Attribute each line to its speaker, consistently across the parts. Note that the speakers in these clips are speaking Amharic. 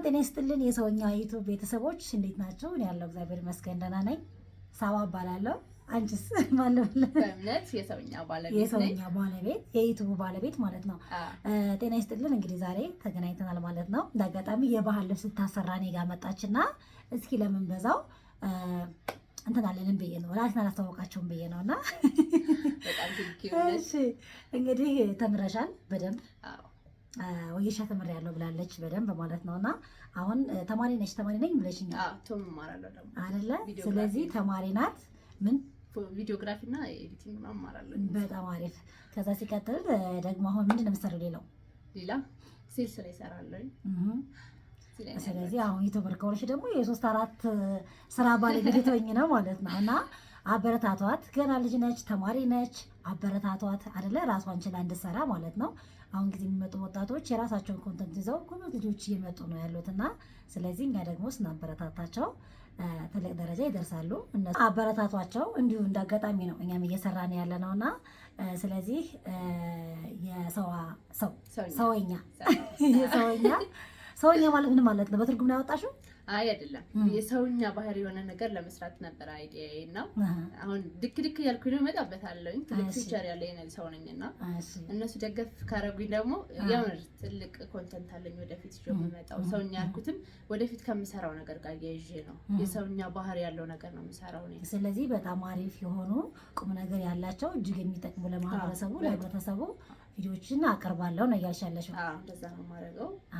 Speaker 1: ሰላም ጤና ይስጥልን የሰውኛ ዩቱብ ቤተሰቦች እንዴት ናቸው? እኔ ያለው እግዚአብሔር ይመስገን ደህና ነኝ። ሳባ እባላለሁ። አንቺስ
Speaker 2: ማለበእምነት የሰውኛ
Speaker 1: ባለቤት የዩቱብ ባለቤት ማለት ነው። ጤና ይስጥልን። እንግዲህ ዛሬ ተገናኝተናል ማለት ነው። እንደ አጋጣሚ የባህል ልብስ ልታሰራ እኔ ጋር መጣችና እስኪ ለምን በዛው እንትን ብዬ ነው ራሴን አላስተዋወቃቸውም ብዬ ነው እና እንግዲህ ተምረሻል በደንብ ወጌሻ ተምሬ ያለው ብላለች በደንብ ማለት ነውና፣ አሁን ተማሪ ነች ተማሪ ነኝ ብለሽኛል አይደለ? ስለዚህ ተማሪ ናት። ምን
Speaker 2: ቪዲዮግራፊ እና ኤዲቲንግ እማራለሁ።
Speaker 1: በጣም አሪፍ። ከዛ ሲቀጥል ደግሞ አሁን ምንድን ነው የምትሰሪው? ሌላው
Speaker 2: ሌላ ሴልስ ላይ እሰራለሁ።
Speaker 1: ስለዚህ አሁን ዩቲዩበር ከሆነሽ ደግሞ የሶስት አራት ስራ ባለቤት ነው ማለት ነው እና አበረታቷት። ገና ልጅ ነች፣ ተማሪ ነች። አበረታቷት አደለ ራሷን ችላ እንድትሰራ ማለት ነው። አሁን ጊዜ የሚመጡ ወጣቶች የራሳቸውን ኮንተንት ይዘው ጎበዝ ልጆች እየመጡ ነው ያሉት እና ስለዚህ እኛ ደግሞ ስናበረታታቸው ትልቅ ደረጃ ይደርሳሉ። እነሱ አበረታቷቸው። እንዲሁ እንዳጋጣሚ ነው እኛም እየሰራን ያለ ነው እና ስለዚህ የሰዋ ሰው ሰውኛ ሰውኛ ሰውኛ ማለት ምን ማለት ነው? በትርጉም ነው ያወጣሽው?
Speaker 2: አይ አይደለም፣ የሰውኛ ባህሪ የሆነ ነገር ለመስራት ነበር አይዲያዬ እና አሁን ድክ ድክ እያልኩ ነው እመጣበታለሁ። ትልቅ ፊውቸር ያለኝ ሰው ነኝ እና እነሱ ደገፍ ካረጉኝ ደግሞ የእውነት ትልቅ ኮንተንት አለኝ ወደፊት ይዤ የምመጣው ሰውኛ ያልኩትም ወደፊት ከምሰራው ነገር ጋር እያይዤ ነው። የሰውኛ ባህሪ ያለው ነገር ነው የምሰራው እኔ።
Speaker 1: ስለዚህ በጣም አሪፍ የሆኑ ቁም ነገር ያላቸው እጅግ የሚጠቅሙ ለማህበረሰቡ ለህብረተሰቡ ልጆችን አቀርባለሁ ነው እያልሽ ያለሽው?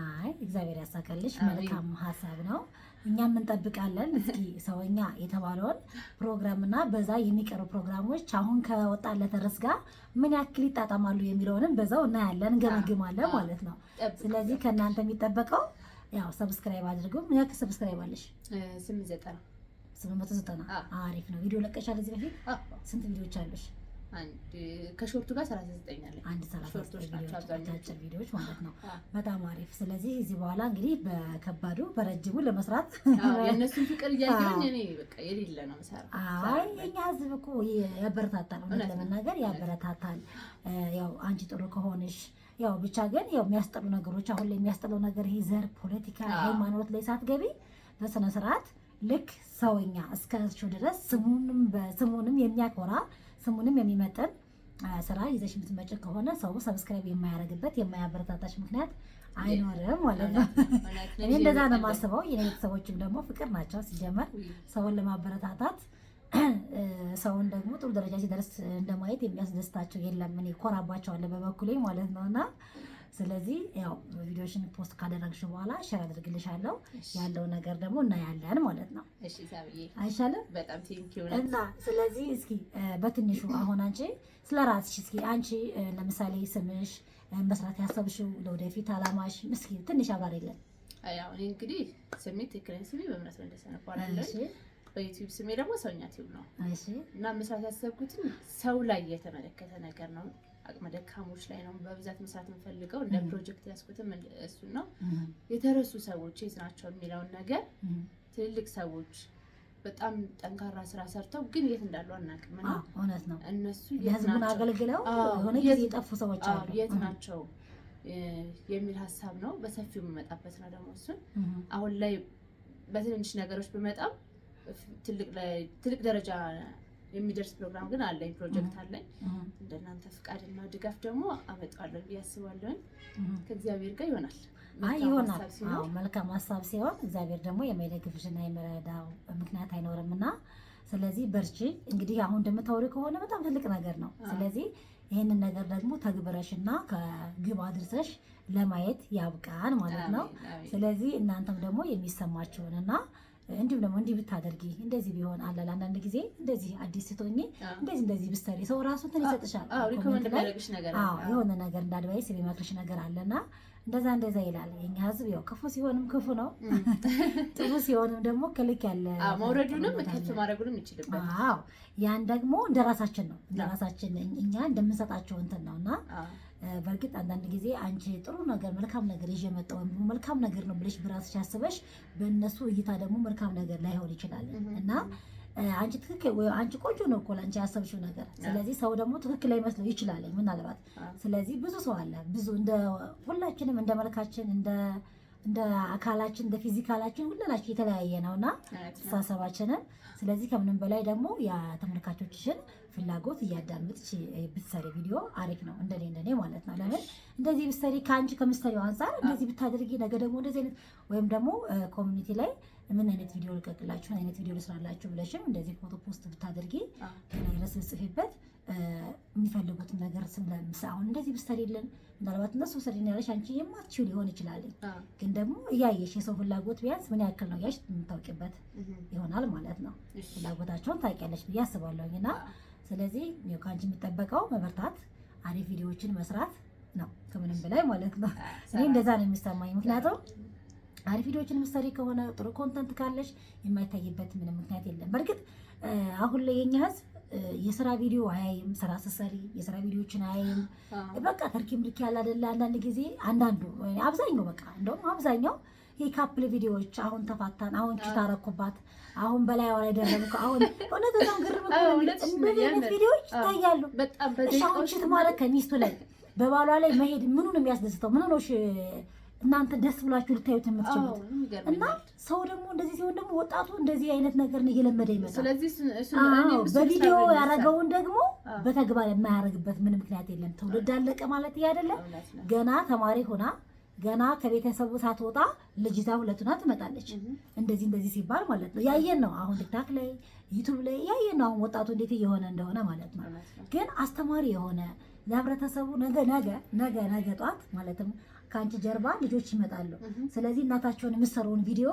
Speaker 1: አይ እግዚአብሔር ያሳካልሽ። መልካም ሀሳብ ነው። እኛም እንጠብቃለን። እስኪ ሰውኛ የተባለውን ፕሮግራም እና በዛ የሚቀሩ ፕሮግራሞች አሁን ከወጣለት ርዕስ ጋር ምን ያክል ይጣጣማሉ የሚለውንም በዛው እናያለን፣ እንገመግማለን ማለት ነው። ስለዚህ ከእናንተ የሚጠበቀው ያው ሰብስክራይብ አድርጉ። ምን ያክል ሰብስክራይብ አለሽ?
Speaker 2: ስምንት
Speaker 1: መቶ ዘጠና አሪፍ ነው። ቪዲዮ ለቀሻል እዚህ በፊት ስንት ቪዲዮዎች አሉሽ?
Speaker 2: ከሾርቱ ጋር ሰላሳ ዘጠኝ አለኝ
Speaker 1: አንድ አጫጭር ቪዲዮዎች ማለት ነው። በጣም አሪፍ። ስለዚህ እዚህ በኋላ እንግዲህ በከባዱ በረጅሙ ለመስራት
Speaker 2: የእነሱን ፍቅር እያየሁኝ እኔ በቃ የሌለ ነው የምሰራው።
Speaker 1: አይ የኛ ህዝብ እኮ ያበረታታል፣ እውነት ለመናገር ያበረታታል። ያው አንቺ ጥሩ ከሆንሽ ያው ብቻ ግን ያው የሚያስጠሉ ነገሮች አሁን ላይ የሚያስጠለው ነገር ይሄ ዘር፣ ፖለቲካ፣ ሃይማኖት ላይ ሳትገቢ በስነ ስርዓት ልክ ሰውኛ እስከ ድረስ ስሙንም በስሙንም የሚያኮራ ስሙንም የሚመጥን ስራ ይዘሽ የምትመጭ ከሆነ ሰው ሰብስክራይብ የማያደርግበት የማያበረታታሽ ምክንያት አይኖርም ማለት ነው። እኔ እንደዛ ነው የማስበው። የቤተሰቦችም ደግሞ ፍቅር ናቸው ሲጀመር ሰውን ለማበረታታት ሰውን ደግሞ ጥሩ ደረጃ ሲደርስ እንደማየት የሚያስደስታቸው የለም። እኔ ኮራባቸዋለሁ በበኩሌ ማለት ነው እና ስለዚህ ያው ቪዲዮሽን ፖስት ካደረግሽ በኋላ ሸር አድርግልሻለሁ። ያለው ነገር ደግሞ እናያለን ማለት ነው። አይሻልም? እና ስለዚህ እስኪ በትንሹ አሁን አንቺ ስለ ራስሽ እስኪ አንቺ ለምሳሌ ስምሽ፣ መስራት ያሰብሽው፣ ለወደፊት አላማሽ እስኪ ትንሽ አባር የለን
Speaker 2: እኔ እንግዲህ ስሜ ትክክለኝ ስሜ በእምነት መለሰ እባላለሁ። በዩቲዩብ ስሜ ደግሞ ሰውኛ ቲዩብ ነው እና መስራት ያሰብኩትን ሰው ላይ የተመለከተ ነገር ነው አቅመ ደካሞች ላይ ነው በብዛት መስራት የምፈልገው። እንደ ፕሮጀክት ያስኩትም እሱ ነው። የተረሱ ሰዎች የት ናቸው የሚለውን ነገር ትልልቅ ሰዎች በጣም ጠንካራ ስራ ሰርተው ግን የት እንዳሉ አናውቅም። እውነት ነው እነሱ
Speaker 1: ህዝቡን አገልግለው የሆነ ጊዜ የጠፉ ሰዎች
Speaker 2: አሉ የት ናቸው የሚል ሀሳብ ነው በሰፊው የምመጣበት ነው። ደግሞ እሱን አሁን ላይ በትንንሽ ነገሮች ብመጣም ትልቅ ደረጃ የሚደርስ ፕሮግራም ግን አለኝ፣ ፕሮጀክት አለኝ። እንደናንተ ፍቃድና ድጋፍ ደግሞ አመጣዋለሁ ብዬ ከእግዚአብሔር ጋር ይሆናል።
Speaker 1: አይ ይሆናል። መልካም ሀሳብ ሲሆን እግዚአብሔር ደግሞ የማይደግፍሽና የመረዳው ምክንያት አይኖርም እና ስለዚህ በርቺ። እንግዲህ አሁን እንደምታወሪ ከሆነ በጣም ትልቅ ነገር ነው። ስለዚህ ይህንን ነገር ደግሞ ተግብረሽ ና ከግብ አድርሰሽ ለማየት ያብቃን ማለት ነው። ስለዚህ እናንተም ደግሞ የሚሰማችሁንና እንዲሁም ደግሞ እንዲህ ብታደርጊ እንደዚህ ቢሆን አለ። አንዳንድ ጊዜ እንደዚህ አዲስ ስትሆኚ እንደዚህ እንደዚህ ብትሰሪ ሰው ራሱ እንትን ይሰጥሻል፣ የሆነ ነገር እንደ አድቫይስ የሚመክርሽ ነገር አለና እንደዛ እንደዛ ይላል። የኛ ህዝብ ያው ክፉ ሲሆንም ክፉ ነው፣ ጥሩ ሲሆንም ደግሞ ክልክ ያለ
Speaker 2: መውረዱንም ከፍ ማድረጉንም ይችልበት።
Speaker 1: ያን ደግሞ እንደራሳችን ነው እንደራሳችን እኛ እንደምንሰጣቸው እንትን ነውና በእርግጥ አንዳንድ ጊዜ አንቺ ጥሩ ነገር መልካም ነገር ይዤ መጣሁ ወይም መልካም ነገር ነው ብለሽ ብራስሽ አስበሽ በእነሱ እይታ ደግሞ መልካም ነገር ላይሆን ይችላል እና አንቺ ትክክል ወይ አንቺ ቆንጆ ነው እኮ አንቺ ያሰብሽው ነገር። ስለዚህ ሰው ደግሞ ትክክል አይመስለው ይችላል ምናልባት። ስለዚህ ብዙ ሰው አለ ብዙ እንደ ሁላችንም እንደ መልካችን እንደ እንደ አካላችን እንደ ፊዚካላችን ሁላችን የተለያየ ነው እና አስተሳሰባችንን። ስለዚህ ከምንም በላይ ደግሞ የተመልካቾችሽን ፍላጎት እያዳመጥሽ ብትሰሪ ቪዲዮ አሪፍ ነው፣ እንደኔ እንደኔ ማለት ነው። ለምን እንደዚህ ብትሰሪ ከአንቺ ከምትሰሪው አንጻር እንደዚህ ብታደርጊ፣ ነገ ደግሞ እንደዚህ አይነት ወይም ደግሞ ኮሚኒቲ ላይ ምን አይነት ቪዲዮ ልቀቅላችሁ፣ ምን አይነት ቪዲዮ ልስራላችሁ ብለሽም እንደዚህ ፎቶ ፖስት ብታደርጊ ረስ ብጽፊበት የሚፈልጉትን ነገር ስለምስ አሁን እንደዚህ ብሰሪ የለን ምናልባት እነሱ ስሪ ያለሽ አንቺ የማትችው ሊሆን ይችላል። ግን ደግሞ እያየሽ የሰው ፍላጎት ቢያንስ ምን ያክል ነው እያሽ የምታውቂበት ይሆናል ማለት ነው። ፍላጎታቸውን ታውቂያለሽ ብዬ አስባለሁኝ። እና ስለዚህ ከአንቺ የሚጠበቀው መበርታት፣ አሪፍ ቪዲዮዎችን መስራት ነው ከምንም በላይ ማለት ነው። እኔ እንደዛ ነው የሚሰማኝ ምክንያቱም አሪፍ ቪዲዮዎችን ምሳሌ ከሆነ ጥሩ ኮንተንት ካለሽ የማይታይበት ምንም ምክንያት የለም። በእርግጥ አሁን ላይ የኛ ህዝብ የስራ ቪዲዮ አያይም፣ ስራ ስሰሪ የስራ ቪዲዮዎችን አያይም። በቃ ተርኪ ምርኪ ያለ አይደለ አንዳንድ ጊዜ አንዳንዱ አብዛኛው በቃ እንደውም አብዛኛው የካፕል ቪዲዮዎች አሁን ተፋታን፣ አሁን ቺ ታረኩባት፣ አሁን በላይ ዋላ ደረሙ፣ አሁን እውነት ነው ግርም እንደዚህ አይነት ቪዲዮዎች ይታያሉ። እሺ አሁን ቺት ማድረግ ከሚስቱ ላይ በባሏ ላይ መሄድ ምኑን የሚያስደስተው ምኑ ነው? እናንተ ደስ ብላችሁ ልታዩት
Speaker 2: የምትችሉት
Speaker 1: እና ሰው ደግሞ እንደዚህ ሲሆን ደግሞ ወጣቱ እንደዚህ አይነት ነገር ነው እየለመደ ይመጣል። በቪዲዮ ያደረገውን ደግሞ በተግባር የማያደርግበት ምን ምክንያት የለም። ትውልድ አለቀ ማለት እያደለም። ገና ተማሪ ሆና ገና ከቤተሰቡ ሳትወጣ ልጅታ ሁለቱና ትመጣለች። እንደዚህ እንደዚህ ሲባል ማለት ነው ያየን ነው አሁን ቲክታክ ላይ ዩቱብ ላይ ያየን ነው አሁን ወጣቱ እንዴት እየሆነ እንደሆነ ማለት ነው። ግን አስተማሪ የሆነ ለህብረተሰቡ ነገ ነገ ነገ ነገ ጧት ማለትም ከአንቺ ጀርባ ልጆች ይመጣሉ። ስለዚህ እናታቸውን የምትሰራውን ቪዲዮ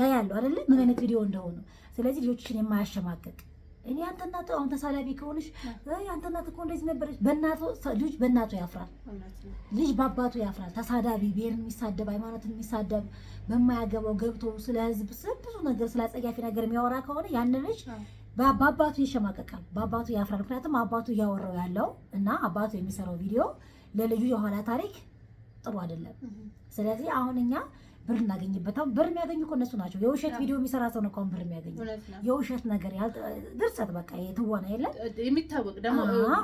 Speaker 1: ያ ያለው አይደለ ምን አይነት ቪዲዮ እንደሆኑ ስለዚህ ልጆችን የማያሸማቀቅ እኔ አንተ እናት አሁን ተሳዳቢ ከሆነሽ አንተ እናት እኮ እንደዚህ ነበረች። በእናቱ ልጅ በእናቱ ያፍራል፣ ልጅ በአባቱ ያፍራል። ተሳዳቢ ብሔርን የሚሳደብ ሃይማኖትን የሚሳደብ በማያገባው ገብቶ ስለ ሕዝብ ብዙ ነገር ስለ አጸያፊ ነገር የሚያወራ ከሆነ ያን ልጅ በአባቱ ይሸማቀቃል፣ በአባቱ ያፍራል። ምክንያቱም አባቱ እያወራው ያለው እና አባቱ የሚሰራው ቪዲዮ ለልጁ የኋላ ታሪክ ጥሩ አይደለም። ስለዚህ አሁን እኛ ብር እናገኝበት። አሁን ብር የሚያገኙ እኮ እነሱ ናቸው። የውሸት ቪዲዮ የሚሰራ ሰው ነው ብር የሚያገኙ። የውሸት ነገር ድርሰት በቃ የትወና የለም
Speaker 2: የሚታወቅ ደግሞ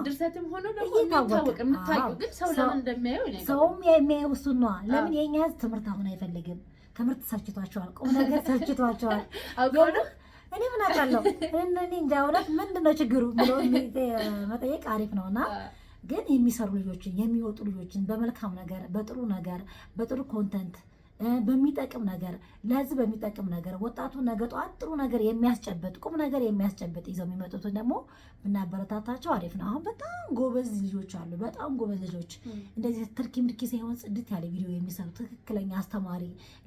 Speaker 2: ድርሰትም ሆኖ የሚታወቅ የምታውቂው ግን ሰው ለምን እንደሚያየው
Speaker 1: ሰውም የሚያየው እሱን ነዋ። ለምን የእኛ ህዝብ ትምህርት አሁን አይፈልግም። ትምህርት ሰልችቷቸዋል። ቁም ነገር ሰልችቷቸዋል። እኔ ምን አውቃለሁ እኔ እንጃ እውነት ምንድን ነው ችግሩ ብሎ መጠየቅ አሪፍ ነው እና ግን የሚሰሩ ልጆችን የሚወጡ ልጆችን በመልካም ነገር፣ በጥሩ ነገር፣ በጥሩ ኮንተንት፣ በሚጠቅም ነገር፣ ለህዝብ በሚጠቅም ነገር ወጣቱ ነገ ጠዋት ጥሩ ነገር የሚያስጨብጥ ቁም ነገር የሚያስጨብጥ ይዘው የሚመጡትን ደግሞ ብናበረታታቸው አሪፍ ነው። አሁን በጣም ጎበዝ ልጆች አሉ። በጣም ጎበዝ ልጆች እንደዚህ ትርኪ ምርኪ ሳይሆን ጽድት ያለ ቪዲዮ የሚሰሩ ትክክለኛ አስተማሪ፣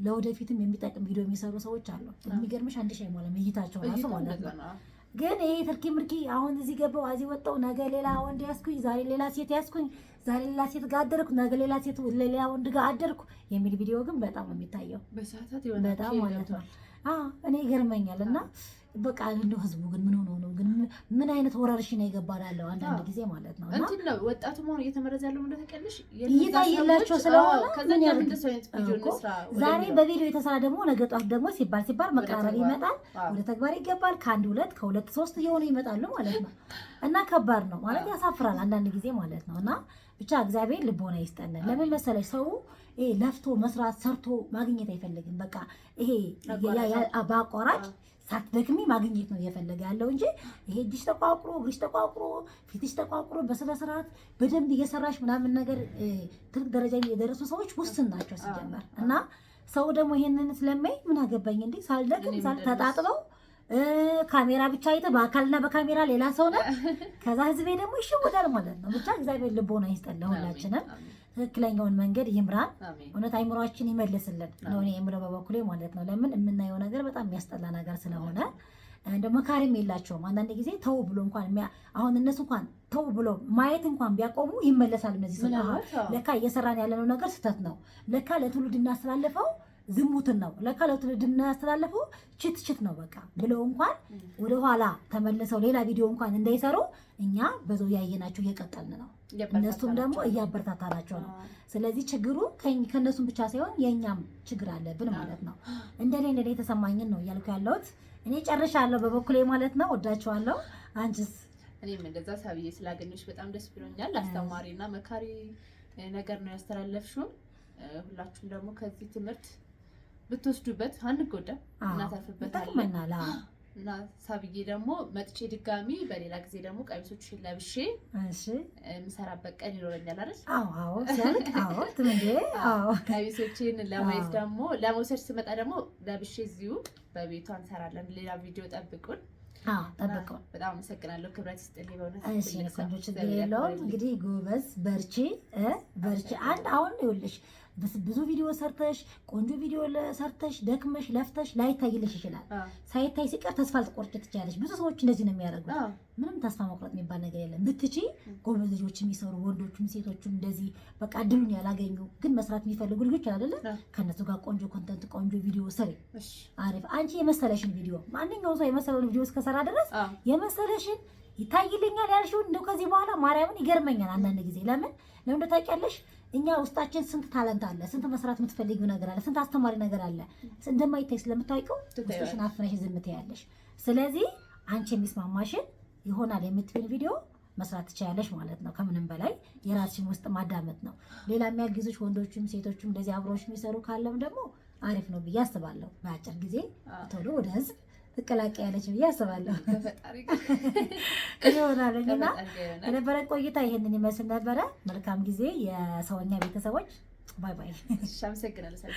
Speaker 1: ለወደፊትም የሚጠቅም ቪዲዮ የሚሰሩ ሰዎች አሉ። የሚገርምሽ አንድ ሺህ አይሞላም እይታቸው
Speaker 2: ራሱ ማለት ነው
Speaker 1: ግን ይሄ ትርኪ ምርኪ አሁን እዚህ ገባው እዚህ ወጣው፣ ነገ ሌላ ወንድ ያስኩኝ ዛሬ ሌላ ሴት ያስኩኝ ዛሬ ሌላ ሴት ጋር አደርኩ፣ ነገ ሌላ ሴት ሌላ ወንድ ጋር አደርኩ የሚል ቪዲዮ ግን በጣም ነው የሚታየው፣ በጣም ማለት ነው። እኔ ይገርመኛል። እና በቃ እንደው ህዝቡ ግን ምን ሆኖ ምን አይነት ወረርሽ ነው የገባዳለው አንዳንድ ጊዜ ማለት ነው።
Speaker 2: እንትን ነው ወጣቱ መሆኑ እየተመረዘ ያለው ምንደ ተቀልሽ
Speaker 1: እየታየላቸው ስለሆነ ዛሬ በቪዲዮ የተሰራ ደግሞ ነገ ጧት ደግሞ ሲባል ሲባል መቀራረብ ይመጣል፣ ወደ ተግባር ይገባል። ከአንድ ሁለት ከሁለት ሶስት እየሆኑ ይመጣሉ ማለት ነው። እና ከባድ ነው ማለት ያሳፍራል አንዳንድ ጊዜ ማለት ነው። እና ብቻ እግዚአብሔር ልቦና ይስጠለን። ለምን መሰለሽ ሰው ለፍቶ መስራት ሰርቶ ማግኘት አይፈልግም። በቃ ይሄ በአቋራጭ ሳትደክሚ ማግኘት ነው እየፈለገ ያለው እንጂ ይሄ እጅሽ ተቋቁሮ እግርሽ ተቋቁሮ ፊትሽ ተቋቁሮ በስነ ስርዓት በደንብ እየሰራሽ ምናምን ነገር ትልቅ ደረጃ የደረሱ ሰዎች ውስን ናቸው ሲጀመር እና ሰው ደግሞ ይሄንን ስለማይ ምን አገባኝ እንዴ ሳልደክም ተጣጥለው ካሜራ ብቻ አይተ በአካልና በካሜራ ሌላ ሰው ነው። ከዛ ህዝቤ ደግሞ ይሸወዳል ማለት ነው። ብቻ እግዚአብሔር ልቦና ይስጠን ለሁላችንም። ትክክለኛውን መንገድ ይምራን። እውነት አይምሯችን ይመልስልን ነው እኔ የምለው በበኩሌ ማለት ነው። ለምን የምናየው ነገር በጣም የሚያስጠላ ነገር ስለሆነ እንደ መካሪም የላቸውም። አንዳንድ ጊዜ ተው ብሎ እንኳን አሁን እነሱ እንኳን ተው ብሎ ማየት እንኳን ቢያቆሙ ይመለሳል እነዚህ ለካ እየሰራን ያለነው ነገር ስህተት ነው፣ ለካ ለትውልድ እናስተላልፈው ዝሙትን ነው ለካ ለትውልድ የምናስተላልፈው ችት ችት ነው በቃ ብለው እንኳን ወደኋላ ተመልሰው ሌላ ቪዲዮ እንኳን እንዳይሰሩ እኛ በዛው ያየናቸው እየቀጠልን ነው፣ እነሱም ደግሞ እያበረታታናቸው ነው። ስለዚህ ችግሩ ከእነሱም ብቻ ሳይሆን የእኛም ችግር አለብን ማለት ነው። እንደኔ እንደኔ የተሰማኝን ነው እያልኩ ያለሁት። እኔ ጨርሻለሁ በበኩሌ ማለት ነው። ወዳችኋለሁ። አንቺስ?
Speaker 2: እኔም እንደዛ ሳብዬ ስላገኘሁሽ በጣም ደስ ብሎኛል። አስተማሪና መካሪ ነገር ነው ያስተላለፍሽውን። ሁላችሁም ደግሞ ከዚህ ትምህርት ብትወስዱበት አንጎዳም፣
Speaker 1: እናተርፍበታለን
Speaker 2: እና ሳብዬ ደግሞ መጥቼ ድጋሚ በሌላ ጊዜ ደግሞ ቀሚሶች ለብሼ የምሰራበት ቀን ይኖረኛል አይደል? ቀሚሶችን ለማየት ደግሞ ለመውሰድ ስመጣ ደግሞ ለብሼ እዚሁ በቤቷ እንሰራለን። ሌላ ቪዲዮ ጠብቁን። ጠብቀው በጣም አመሰግናለሁ። ክብረት ስጥል የሆነ
Speaker 1: ቆንጆ ችግር የለውም። እንግዲህ ጎበዝ በርቺ፣ በርቺ አንድ አሁን ይውልሽ ብዙ ቪዲዮ ሰርተሽ ቆንጆ ቪዲዮ ሰርተሽ ደክመሽ ለፍተሽ ላይታይልሽ ይችላል። ሳይታይ ሲቀር ተስፋ ልትቆርጭ ትችላለሽ። ብዙ ሰዎች እንደዚህ ነው የሚያደርጉት። ምንም ተስፋ መቁረጥ የሚባል ነገር የለም። ብትቺ ጎበዝ ልጆች የሚሰሩ ወንዶቹም ሴቶቹም እንደዚህ በቃ ድሉን ያላገኙ ግን መስራት የሚፈልጉ ልጆች አይደለም፣ ከእነሱ ጋር ቆንጆ ኮንተንት፣ ቆንጆ ቪዲዮ ስሪ። አሪፍ አንቺ የመሰለሽን ቪዲዮ ማንኛውም ሰው የመሰለውን ቪዲዮ እስከሰራ ድረስ የመሰለሽን ይታይልኛል ያልሽውን እንደው ከዚህ በኋላ ማርያምን ይገርመኛል አንዳንድ ጊዜ ለምን ለምን ታውቂያለሽ እኛ ውስጣችን ስንት ታለንት አለ፣ ስንት መስራት የምትፈልጊው ነገር አለ፣ ስንት አስተማሪ ነገር አለ። እንደማይታይ ስለምታውቂው ውስጥሽን አፍነሽ ዝም ትያለሽ። ስለዚህ አንቺ የሚስማማሽን ይሆናል የምትል ቪዲዮ መስራት ትችላለሽ ማለት ነው። ከምንም በላይ የራስሽን ውስጥ ማዳመጥ ነው። ሌላ የሚያግዙሽ ወንዶችም ሴቶችም እንደዚህ አብሮሽ የሚሰሩ ካለም ደግሞ አሪፍ ነው ብዬ አስባለሁ። በአጭር ጊዜ ቶሎ ወደ ህዝብ ትቀላቀያለች ብዬ አስባለሁ ይሆናለኝ እና የነበረ ቆይታ ይህንን ይመስል ነበረ። መልካም ጊዜ የሰውኛ ቤተሰቦች። ባይ ባይ።
Speaker 2: አመሰግናለሁ።